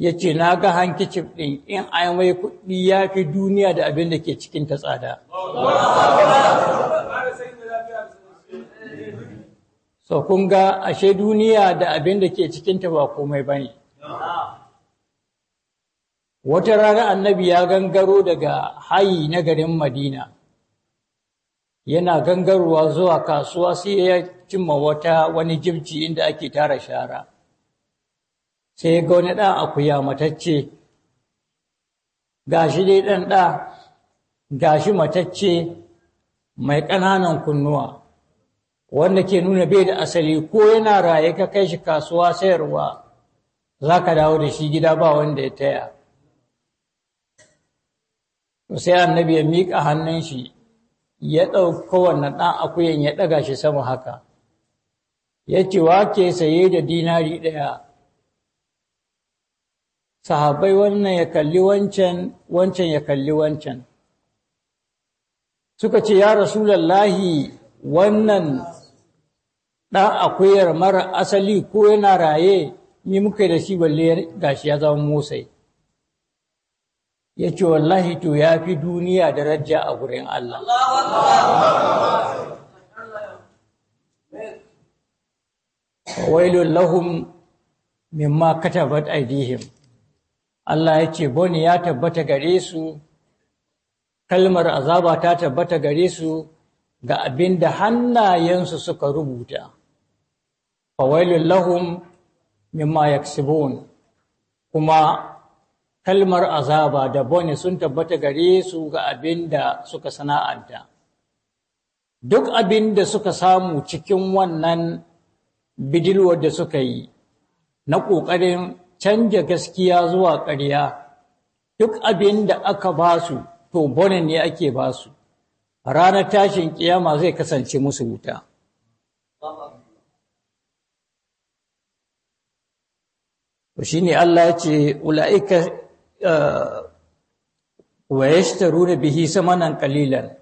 Speaker 1: ya ce na ga hankicin ɗin in yi mai kuɗi ya fi duniya da abin da ke cikin ta tsada So kun ga ashe duniya da abin da ke cikinta ba komai ba ne. Wata rana annabi ya gangaro daga hayi na garin Madina, yana gangarowa zuwa kasuwa sai ya cimma wata wani jibci inda ake tara shara. Sai ya ga wani ɗan akuya matacce, gashi dai ɗan ɗa, gashi matacce mai ƙananan kunnuwa. wanda ke nuna bai da asali ko yana raye ka kai shi kasuwa sayarwa za ka dawo da shi gida ba wanda ya taya sai annabi ya miƙa hannun shi ya ɗauko wannan ɗan akuyan ya ɗaga shi sama haka ya ce wake saye da dinari ɗaya sahabai wannan ya kalli wancan wancan ya kalli wancan suka ce ya rasulallahi wannan ɗan akuyar mara asali ko yana raye ni muka da shi balle gashi ya zama motsai ya ce wallahi to ya fi duniya daraja a gurin Allah wailun lahum mimma katabat aidihim Allah ya ce boni ya tabbata gare su kalmar azaba ta tabbata gare su ga abin da hannayensu suka rubuta fawailul lahum mimma yaksibun kuma kalmar azaba da bone sun tabbata gare su ga abin da suka sana'anta duk abin da suka samu cikin wannan bidilwar da suka yi na ƙoƙarin canja gaskiya zuwa ƙarya duk abin da aka ba su to bone ne ake ba su ranar tashin kiyama zai kasance musu wuta to shine Allah ya ce ulaika eh, wa yashtaruna bihi samanan qalilan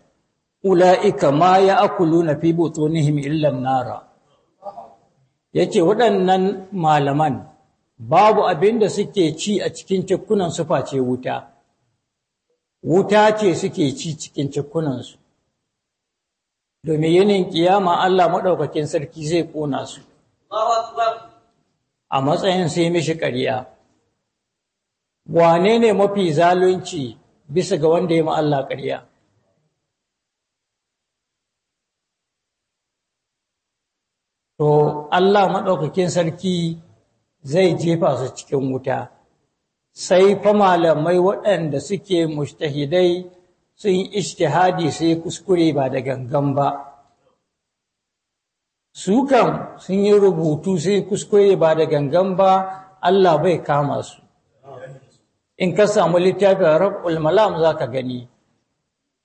Speaker 1: ulaika ma ya'kuluna fi butunihim illa nara yace waɗannan malaman babu abinda suke ci a cikin cikunan su face wuta wuta ce suke ci cikin su domin yinin kiyama Allah maɗaukakin sarki zai ƙona su a matsayin sai mishi ƙarya Wane ne mafi zalunci bisa ga wanda ya Allah ƙariya? To, Allah maɗaukakin sarki zai jefa su cikin wuta, sai fa malamai waɗanda suke mushtahidai sun ishtihadi sai kuskure ba da gangan ba. su kan sun yi rubutu sai kuskure ba da gangan ba Allah bai kama su in ka samu littafin rab'ul malam za ka gani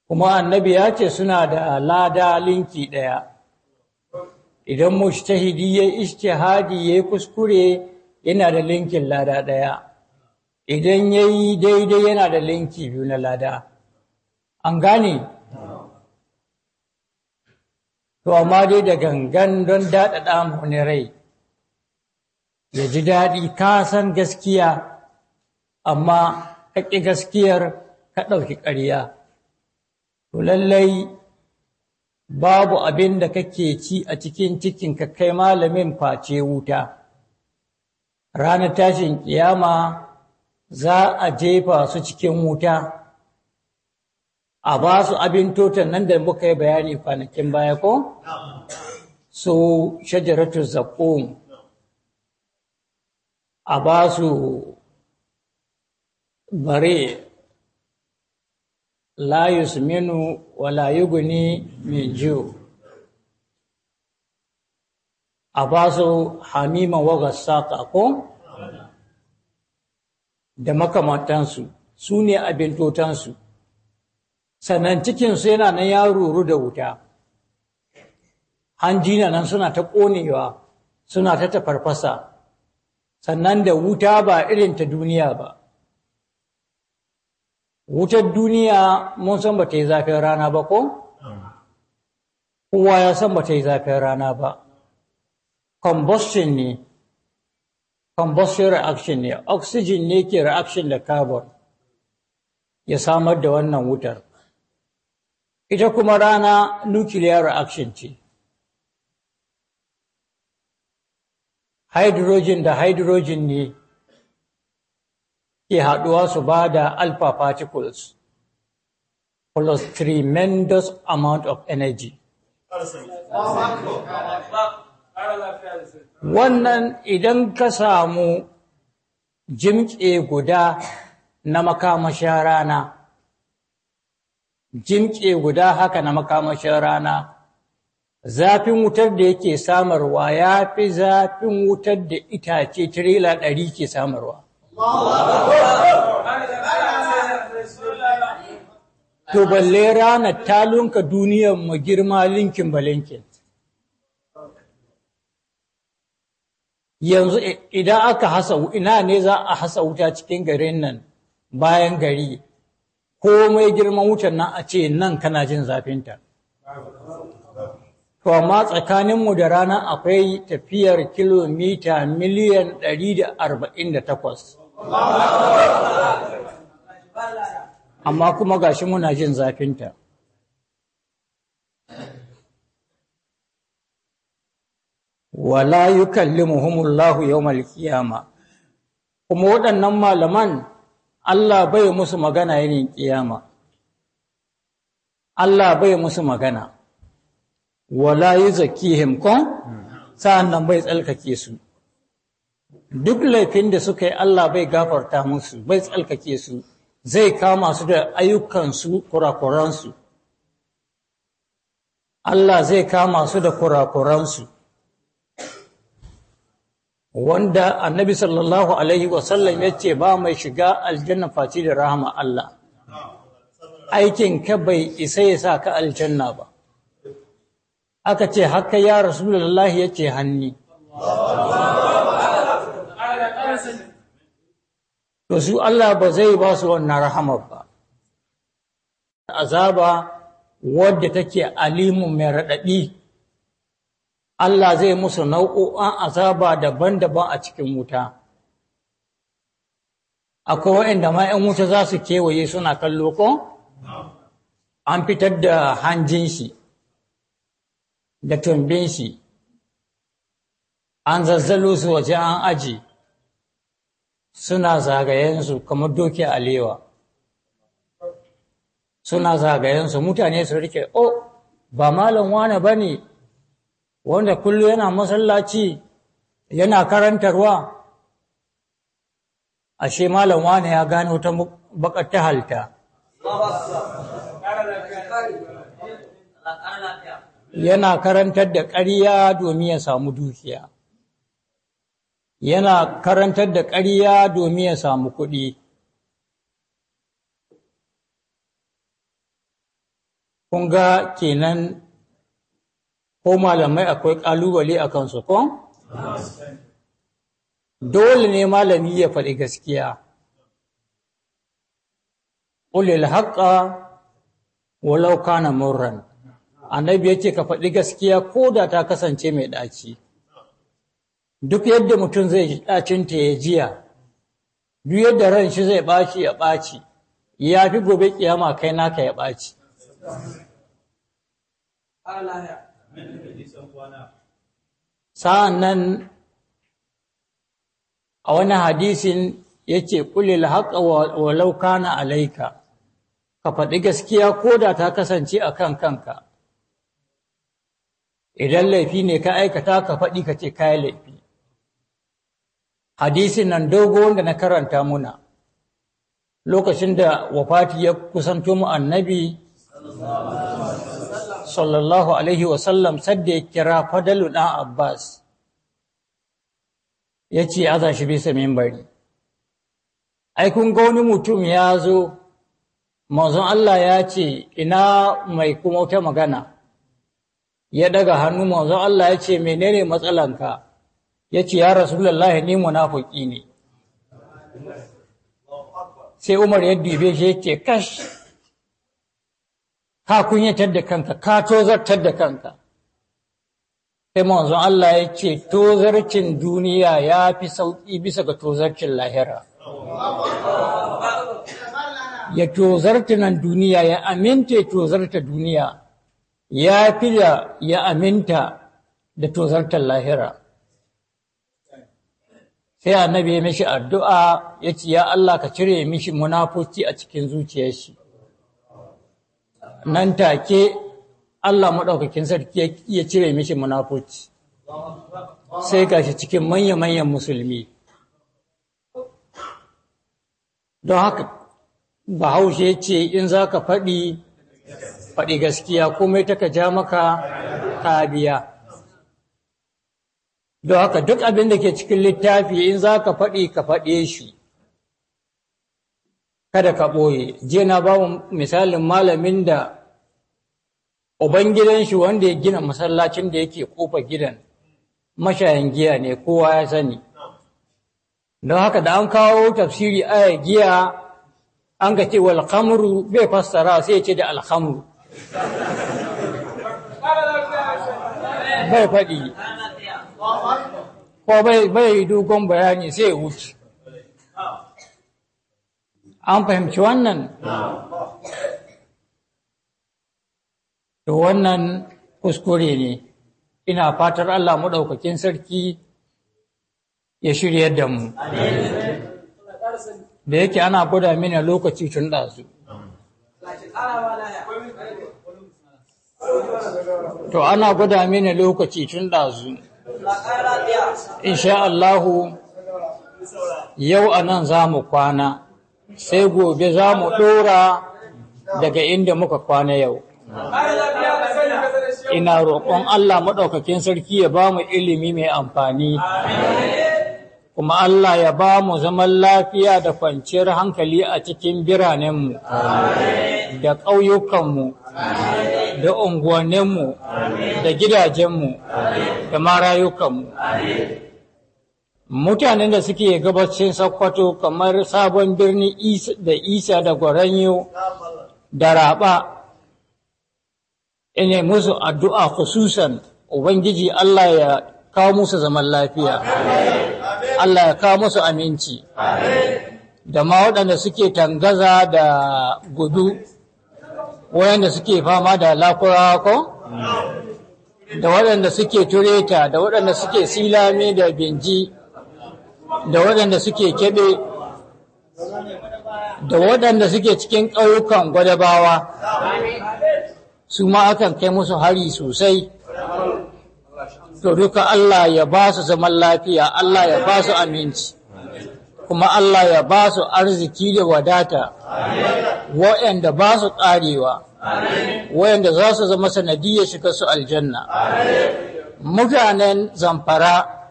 Speaker 1: kuma annabi ya ce suna da lada linki ɗaya idan mushtahidi ya ishtihadi ya kuskure yana da linkin lada ɗaya idan yayi daidai yana da linki biyu na lada an gane to amma dai da gangan don daɗaɗa wani rai ya ji daɗi ka san gaskiya amma ƙaƙi gaskiyar ka ɗauki ƙarya to lallai babu abin da kake ci a cikin cikin ka kai malamin face wuta ranar tashin ƙiyama za a jefa su cikin wuta a ba su abin totan nan da muka yi bayani kwanakin baya ko? So, shajaratu zaƙo a ba su bare layus minu wa layuguni min jiyo. A ba su wa wagar saƙa ko? Da makamantansu, su ne abin totansu. sannan cikinsu yana nan ya ruru da wuta Hanji na nan suna ta ƙonewa suna ta tafarfasa sannan da wuta ba irin ta duniya ba wutar duniya mun san ba ta yi zafin rana ba ko? kowa ya san ba ta yi zafin rana ba combustion ne combustion reaction ne oxygen ne ke reaction da carbon ya samar da wannan wutar Ita kuma rana nuclear reaction ce. Hydrogen da hydrogen ne ke haɗuwa su ba da alpha particles plus tremendous amount of energy. Wannan idan ka samu jimke guda na makamashin rana Jinƙe guda haka na makamashin rana zafin wutar da yake samarwa ya fi zafin wutar da itace tirela ɗari ke samarwa
Speaker 2: to balle ranar
Speaker 1: talunka duniyar mu girma linkin balinkin yanzu idan aka hasa ina ne za a hasa wuta cikin garin nan bayan gari komai girman wucin nan a ce nan kana jin zafinta to amma tsakaninmu da rana akwai tafiyar kilomita miliyan 148 amma kuma gashi muna jin zafinta wala yukallimuhumullahu yawmal qiyama kuma waɗannan malaman Allah bai musu magana yanin kiyama Allah bai musu magana wala yuzakkihim kun nan bai tsalkake su duk laifin da suka yi Allah bai gafarta musu bai tsalkake su zai kama su da ayyukansu kurakuransu Allah zai kama su da kurakuransu wanda annabi sallallahu alaihi wasallam ya ce ba mai shiga aljanna faci da rahama Allah aikin ka bai isa ya sa ka aljanna ba aka ce haka ya rasulullahi ya ce hanni to su Allah ba zai ba su wannan rahama ba azaba wadda take alimun mai raɗaɗi Allah zai musu nau'o'an azaba daban-daban a cikin wuta. Akwai waɗanda ma ‘yan wuta za su kewaye suna kallo ko? An fitar da hanjin shi, da tumbin shi, an zazzalo su waje an aji, suna zagayensu kamar doki alewa. Suna zagayensu mutane su rike, oh, ba malam wane ba ne. wanda kullum yana masallaci yana karantarwa ashe malam wani ya gano ta bakar ta halta yana karantar da ƙarya domin ya samu dukiya yana karantar da ƙarya domin ya samu kuɗi kun ga kenan ko malamai akwai ƙalubale a kansu ko? Dole ne malami ya faɗi gaskiya. Ƙulil haƙa walau kana murran. Annabi ya ce ka faɗi gaskiya ko da ta kasance mai ɗaci. Duk yadda mutum zai ji ɗacinta ya jiya, duk yadda ran shi zai ɓaci ya ɓaci, ya fi gobe ƙiyama kai naka ya ɓaci. sa'an nan a wani hadisin ya ce ƙulil haƙa lauka na alaika ka faɗi gaskiya ko da ta kasance a kan kanka idan laifi ne ka aikata ka faɗi ka ce kayan laifi hadisin nan dogo wanda na karanta muna lokacin da wafati ya kusanto mu annabi sallallahu alaihi wasallam sadda ya kira fadalu ɗan Abbas ya ce aza shi bisa mimbari. Ai, kun ga wani mutum ya zo, manzon Allah ya ce, ina mai kuma wata magana, ya daga hannu manzon Allah ya ce, menene matsalanka, ya ce, ya Rasulallah ni munafuki ne. Sai Umar ya dube shi ya ce, kash, ka kunyatar da kanka ka tozartar da kanka sai manzon Allah ya ce tozarcin duniya ya fi sauƙi bisa ga tozarcin lahira ya tozarta nan duniya ya aminta ya tozarta duniya ya fi da ya aminta da tozartar lahira sai annabi ya mishi addu'a ya ce ya Allah ka cire mishi munafurci a cikin zuciyar nan take Allah maɗaukakin sarki ya cire mishi munafuci sai ga shi cikin manya-manyan musulmi don haka bahaushe ce in za ka faɗi faɗi gaskiya komai taka ja maka ƙabiya. don haka duk abin da ke cikin littafi in za ka faɗi ka faɗe shi kada ka ɓoye jiya na ba misalin malamin da ubangidan shi wanda ya gina masallacin da yake kofa gidan mashayan giya ne kowa ya sani don haka da an kawo tafsiri aya giya an ga ce wal bai fassara sai ce da alhamuru bai faɗi ko bai dogon bayani sai wuce an fahimci wannan to wannan kuskure ne ina fatar Allah maɗaukakin sarki ya shirya da mu da yake ana gwada mini lokaci tun ɗazu to ana gwada mini lokaci tun ɗazu insha Allahu yau a nan za mu kwana sai gobe za mu ɗora daga inda muka kwana yau.
Speaker 2: Ina roƙon Allah
Speaker 1: maɗaukakin sarki ya ba mu ilimi mai amfani, kuma Allah ya ba mu zaman lafiya da kwanciyar hankali a cikin biranenmu, da ƙauyukanmu, da unguwanninmu, da gidajenmu, da marayukanmu. mutanen da suke gabacin Sokoto kamar sabon birni da Isa da Gwaranyo da Raba ina musu addu'a khususan Ubangiji Allah ya kawo musu zaman lafiya Allah ya kawo musu aminci da ma waɗanda suke tangaza da gudu waɗanda suke fama da lakurako ko da waɗanda suke tureta da waɗanda suke silame da binji da waɗanda suke keɓe da waɗanda suke cikin ƙauyukan gwadabawa su ma akan kai musu hari sosai to duka Allah ya ba su zaman lafiya Allah ya ba su aminci kuma Allah ya ba su arziki da wadata waɗanda ba su ƙarewa waɗanda za su zama sanadiyar shiga su aljanna mutanen zamfara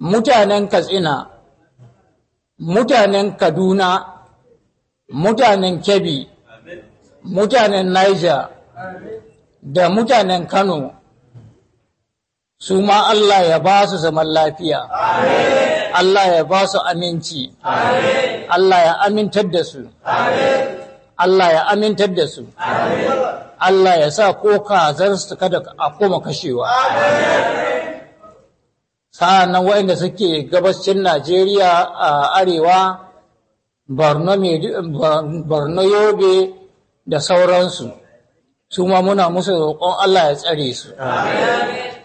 Speaker 1: mutanen katsina mutanen kaduna mutanen kebbi mutanen niger da mutanen kano su ma allah ya ba su zaman lafiya allah ya ba su aminci allah ya amintar da su allah ya amintar da su allah ya sa ko kazar su kada a koma kashewa sa'annan waɗanda suke gabashin Najeriya a arewa Borno Yobe da sauransu su ma muna musu roƙon Allah ya tsare su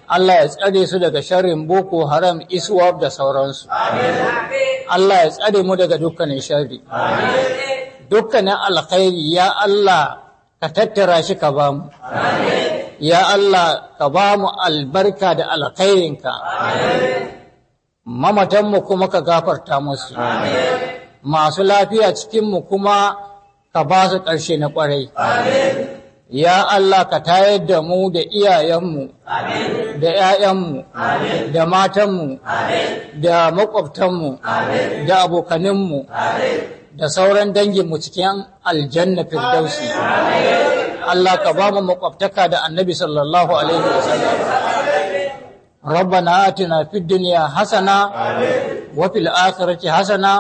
Speaker 1: Allah ya tsare su daga sharrin Boko Haram Iswaf da sauransu Allah ya tsare mu daga dukkanin sharri dukkanin alkhairi ya Allah ka tattara shi ka bamu amin ya Allah ka ba mu albarka da alkhairinka mamatanmu kuma ka gafarta musu masu lafiya cikinmu kuma ka ba su ƙarshe na ƙwarai ya Allah ka tayar da mu da iyayenmu da ‘ya'yanmu da matanmu da maƙwabtanmu da abokaninmu da sauran danginmu cikin aljanna firdausi. Allah ka ba mu makwabtaka da annabi sallallahu alaihi wasallam ربنا آتنا في الدنيا حسنة آمين وفي الآخرة حسنة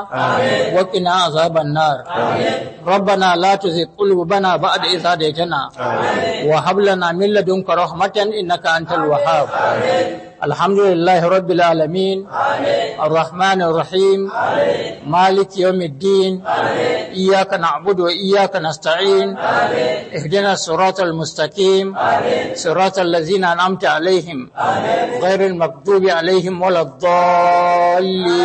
Speaker 1: وقنا عذاب النار ربنا لا تزغ قلوبنا بعد إذ هديتنا وهب لنا من لدنك رحمة إنك أنت الوهاب الحمد لله رب العالمين الرحمن الرحيم مالك يوم الدين إياك نعبد وإياك نستعين اهدنا الصراط المستقيم صراط الذين أنعمت عليهم غير المكتوب عليهم ولا الضالين